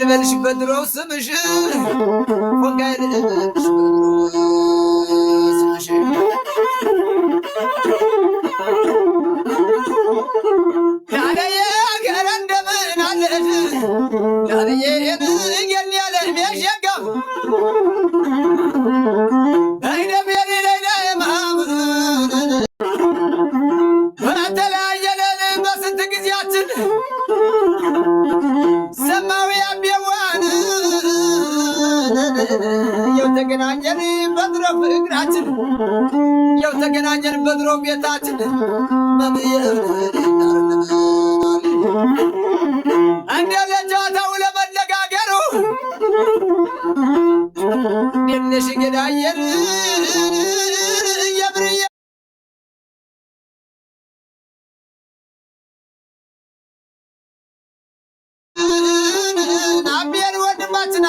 ልበልሽ በድሮው ስምሽ ፎንጋይ ልበልሽ ስምሽ ላልየ ገረ እንደምን አለሽ ላልየ የምን ያለ እድሜ የተገናኘን በድሮ እግራችን የተገናኘን በድሮ ቤታችን እንደ ለጨዋታው ለመነጋገሩ ትንሽ ገዳየን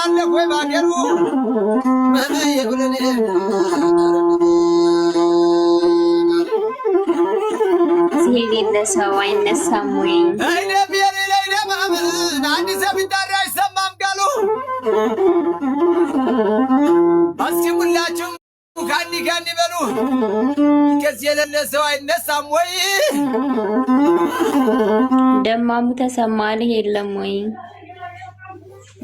አለ ወይ ባገሩ የሌለ ሰው አይነሳም ወይ? አይደም የሌለ አይደም አንድ ሰው ቢጠራ አይሰማም ቃሉ። እስኪ ሁላችሁም ካኒ ካኒ በሉ። ከዚህ የሌለ ሰው አይነሳም ወይ? ደማሙ ተሰማ የለም ወይ?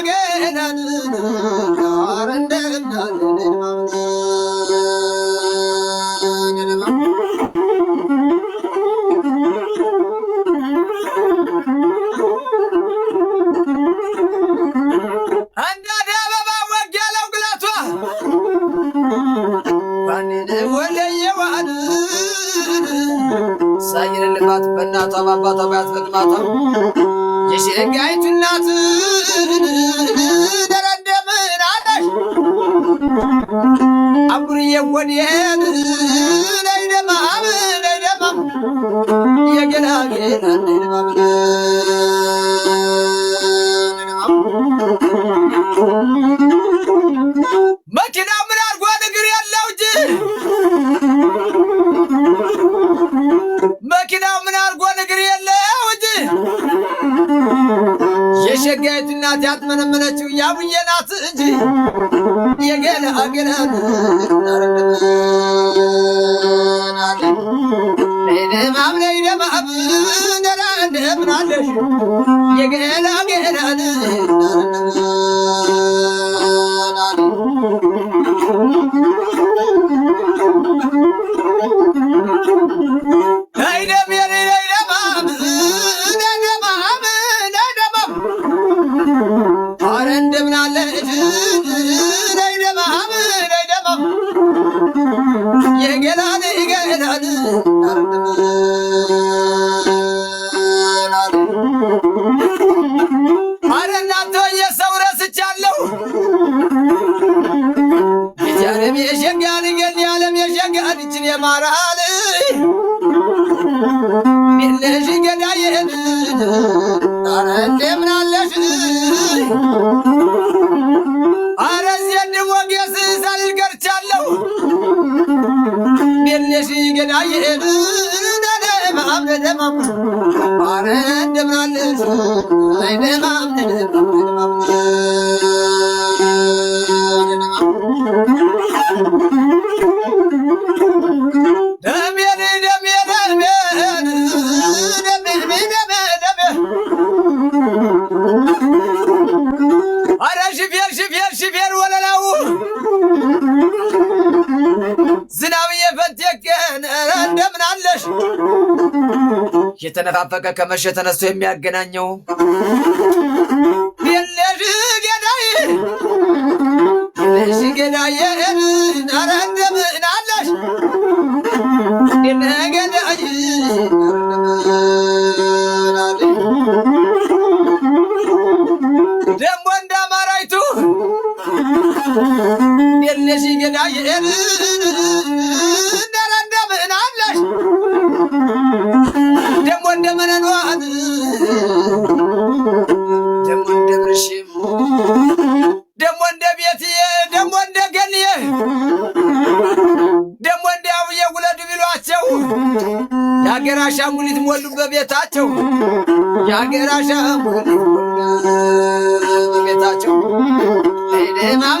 again መኪና ምን አድርጓት እግር ያለው እጅ መኪና ምን አድርጓት እግር የለው እጅ የሸጋይቱ እናት ያጥመነመነችው ያቡዬ ናት እንጂ የገለ አገለ Oh, የሸንጋን ጌጥ ያለም የሸንጋን እችን የማራል ሚልሽ ጌዳየን አረ እንደምናለሽ አረ ዘንድሞ ጌስ ሳልገርቻለሁ ሚልሽ ጌዳየን ማምደማም አረ እንደምናለሽ አይደማም አረ ሽፌር ሽፌር ሽፌር ወለላው ዝናብ እየፈንቴቅን እንደምን አለሽ? የተነፋፈቀ ከመሸ ተነስቶ የሚያገናኘው የለሽ ጌዳዬ ጌዳዬ አረ much. የሀገር አሻንጉሊት ሞሉ በቤታቸው የሀገር አሻንጉሊት በቤታቸው ደማም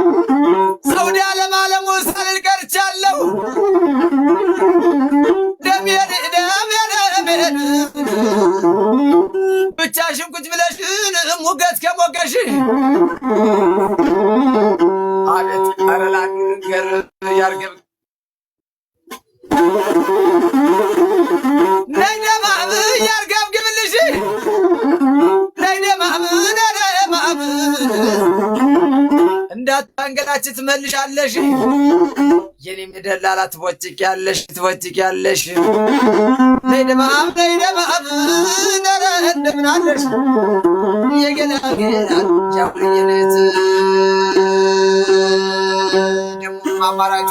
አንገታችን ትመልሻለሽ። የኔም ደላላ ትቦጭቂያለሽ ትቦጭቂያለሽ። ዘይደማም ዘይደማም ነረ እንደምናለሽ የገና ገና ጃሁልኝነት ደግሞ አማራጩ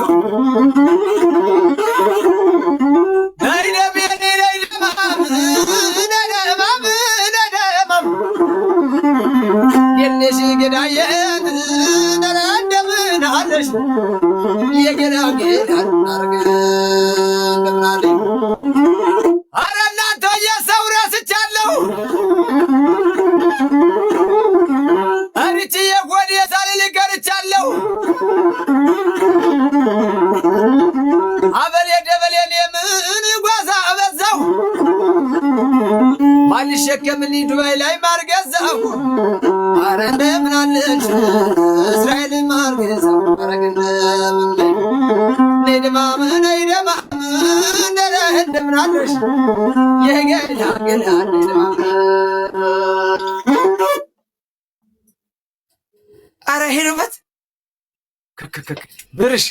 የነሽ ገዳየን ነረ ዮሐንስ የገና ጌታ አረ እናንተ የሰው ረስቻለሁ አሪቲ የጎድ የሳልል ቀርቻለሁ አበሌ ደበሌን የምን ጓዛ አበዛሁ ማን ይሸከምልኝ ዱባይ ላይ ማርገዛሁ አረ ምናለች ታምናለሽ የገላ ግን አረ ሄድበት ብርሽ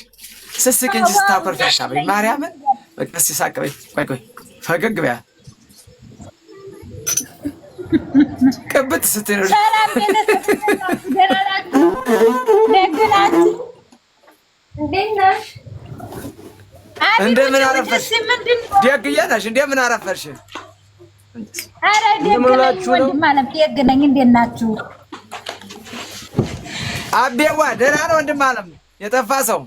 ስስቅ እንጂ ስታፈርሻ በይ ማርያምን በቃ ሲሳቅ በይ ቆይ ቆይ ፈገግ በያ ቅብት ስትኖር ሰላም እንደምን አረፈሽ? ደግያታሽ። እንደምን አረፈሽ? ኧረ ደግ ነኝ ወንድም አለም፣ ደግ ነኝ። እንዴት ናችሁ? አቤዋ ደህና ነው ወንድም አለም፣ የጠፋ ሰው